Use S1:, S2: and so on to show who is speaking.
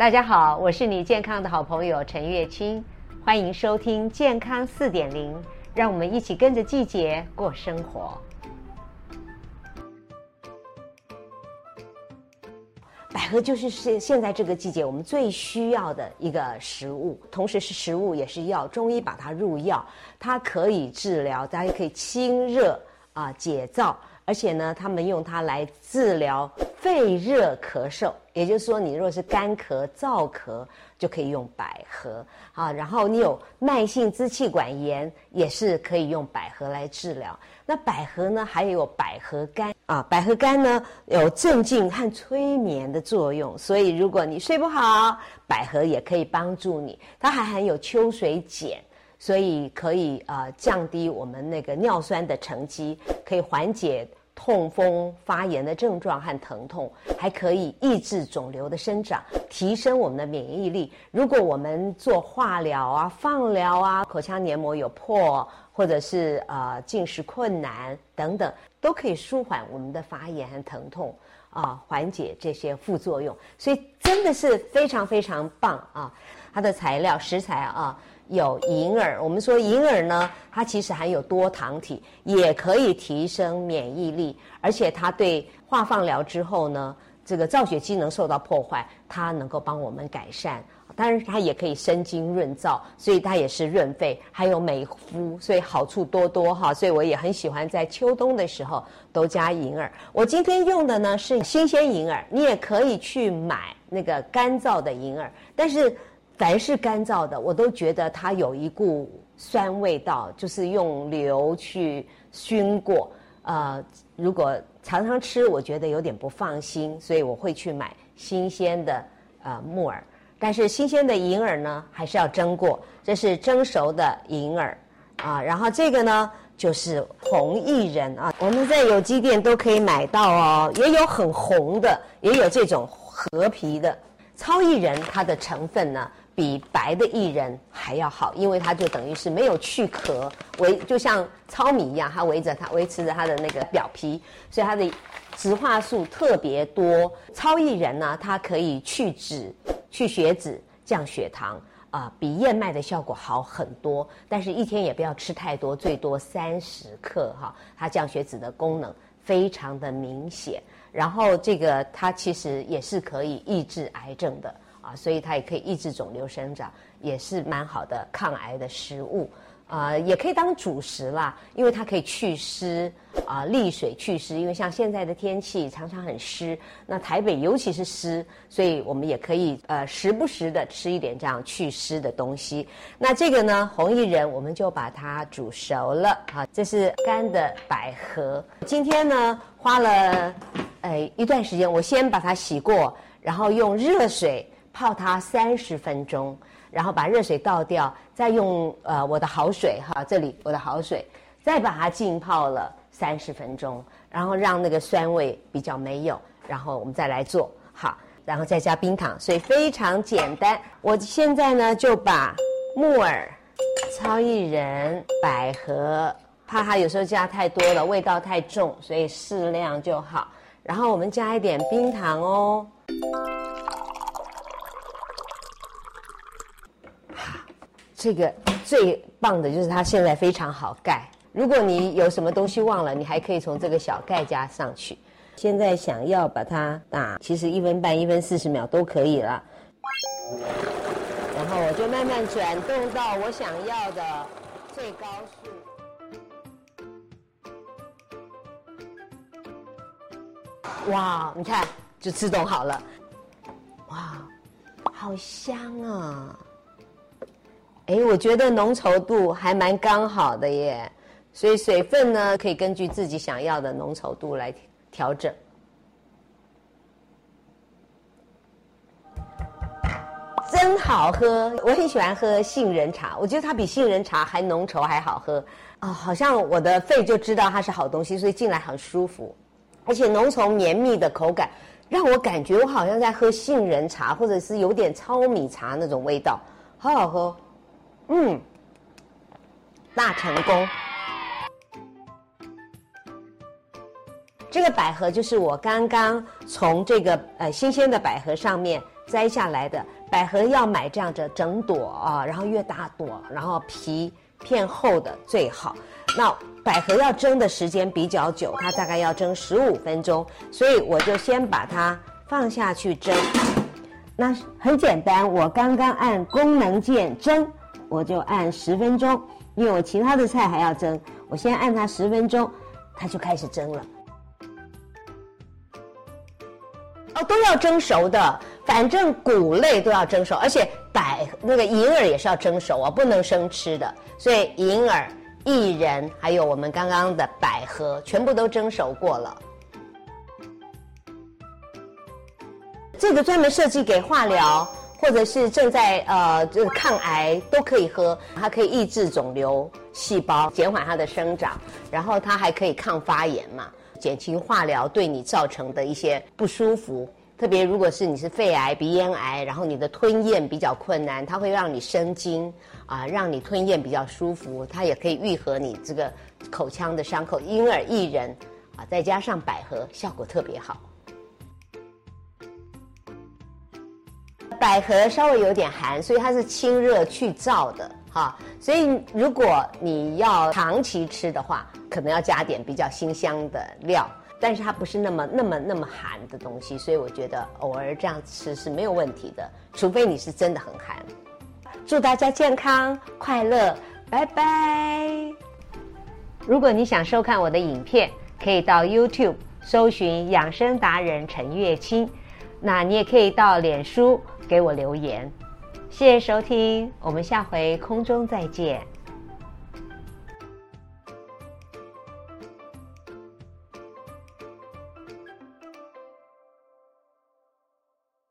S1: 大家好，我是你健康的好朋友陳月卿，歡迎收聽《健康4.0》，讓我們一起跟着季節過生活。百合就是現現在這個季節我們最需要的一個食物，同時是食物也是藥，中醫把它入藥，它可以治療，大家可以清熱啊、呃、解燥，而且呢，他們用它來治療。肺熱咳嗽，也就是說，你如果是乾咳、燥咳，就可以用百合啊。然後你有慢性支氣管炎，也是可以用百合來治療。那百合呢，還有百合乾啊。百合乾呢，有鎮靜和催眠的作用，所以如果你睡不好，百合也可以幫助你。它還含有秋水鹼，所以可以呃降低我們那個尿酸的沉積，可以緩解。痛風發炎的症狀和疼痛，還可以抑制腫瘤的生長，提升我們的免疫力。如果我們做化療啊、放療啊，口腔黏膜有破，或者是呃進食困難等等，都可以舒緩我們的發炎和疼痛啊、呃，緩解這些副作用。所以真的是非常非常棒啊、呃，它的材料食材啊。呃有銀耳，我們說銀耳呢，它其實含有多糖體，也可以提升免疫力，而且它對化放療之後呢，這個造血機能受到破壞，它能夠幫我們改善。當然，它也可以生津潤燥，所以它也是潤肺，還有美膚，所以好處多多哈。所以我也很喜歡在秋冬的時候都加銀耳。我今天用的呢是新鮮銀耳，你也可以去買那個乾燥的銀耳，但是。凡是乾燥的，我都覺得它有一股酸味道，就是用硫去燻過。呃，如果常常吃，我覺得有點不放心，所以我會去買新鮮的呃木耳。但是新鮮的銀耳呢，還是要蒸過。這是蒸熟的銀耳啊、呃。然後這個呢，就是紅薏仁啊，我們在有機店都可以買到哦。也有很紅的，也有這種褐皮的糙薏仁，它的成分呢，比白的薏仁還要好，因為它就等於是沒有去殼，維，就像糙米一樣，它圍着它維持着它的那個表皮，所以它的植化素特別多。糙薏仁呢，它可以去脂、去血脂、降血糖啊、呃，比燕麥的效果好很多。但是一天也不要吃太多，最多三十克哈、哦。它降血脂的功能非常的明顯，然後這個它其實也是可以抑制癌症的。啊，所以它也可以抑制腫瘤生長，也是蠻好的抗癌的食物啊、呃，也可以當主食啦，因為它可以祛濕啊，利水祛濕。因為像現在的天氣常常很濕，那台北尤其是濕，所以我們也可以呃時不時的吃一點這樣祛濕的東西。那這個呢，紅薏仁我們就把它煮熟了啊，這是乾的百合。今天呢花了呃、哎、一段時間，我先把它洗過，然後用熱水。泡它三十分鐘，然後把熱水倒掉，再用呃我的好水哈，這裡我的好水，再把它浸泡了三十分鐘，然後讓那個酸味比較沒有，然後我們再來做好，然後再加冰糖，所以非常簡單。我現在呢就把木耳、糙薏仁、百合，怕它有時候加太多了味道太重，所以適量就好。然後我們加一點冰糖哦。這個最棒的就是它現在非常好蓋。如果你有什麼東西忘了，你還可以從這個小蓋加上去。現在想要把它打，其實一分半、一分四十秒都可以了。然後我就慢慢轉動到我想要的最高速。哇，你看，就自動好了。哇，好香啊！哎，我覺得濃稠度還蠻剛好的耶，所以水分呢，可以根據自己想要的濃稠度來調整。真好喝，我很喜歡喝杏仁茶，我覺得它比杏仁茶還濃稠，還好喝。啊、哦，好像我的肺就知道它是好東西，所以進來很舒服，而且濃稠綿密的口感讓我感覺我好像在喝杏仁茶，或者是有點糙米茶那種味道，好好喝。嗯，那成功。這個百合就是我剛剛從這個呃新鮮的百合上面摘下來的。百合要買這樣子整朵啊，然後越大朵，然後皮偏厚的最好。那百合要蒸的時間比較久，它大概要蒸十五分鐘，所以我就先把它放下去蒸。那很簡單，我剛剛按功能鍵蒸。我就按十分鐘，因為我其他的菜還要蒸，我先按它十分鐘，它就開始蒸了。哦，都要蒸熟的，反正穀類都要蒸熟，而且百，那個銀耳也是要蒸熟啊，不能生吃的。所以銀耳、薏仁還有我們剛剛的百合，全部都蒸熟過了。這個專門設計給化療。或者是正在呃，這個抗癌都可以喝，它可以抑制腫瘤細胞，減緩它的生長，然後它還可以抗發炎嘛，減輕化療對你造成的一些不舒服。特別如果是你是肺癌、鼻咽癌，然後你的吞嚥比較困難，它會讓你生津啊，讓你吞嚥比較舒服。它也可以癒合你這個口腔的傷口，薏仁啊，再加上百合，效果特別好。百合稍微有點寒，所以它是清熱去燥的，哈。所以如果你要長期吃的話，可能要加點比較辛香的料。但是它不是那麼、那麼、那麼寒的東西，所以我覺得偶爾這樣吃是沒有問題的，除非你是真的很寒。祝大家健康快樂，拜拜！如果你想收看我的影片，可以到 YouTube 搜尋“養生達人陳月卿”。那你也可以到臉書給我留言，謝謝收聽，我們下回空中再見。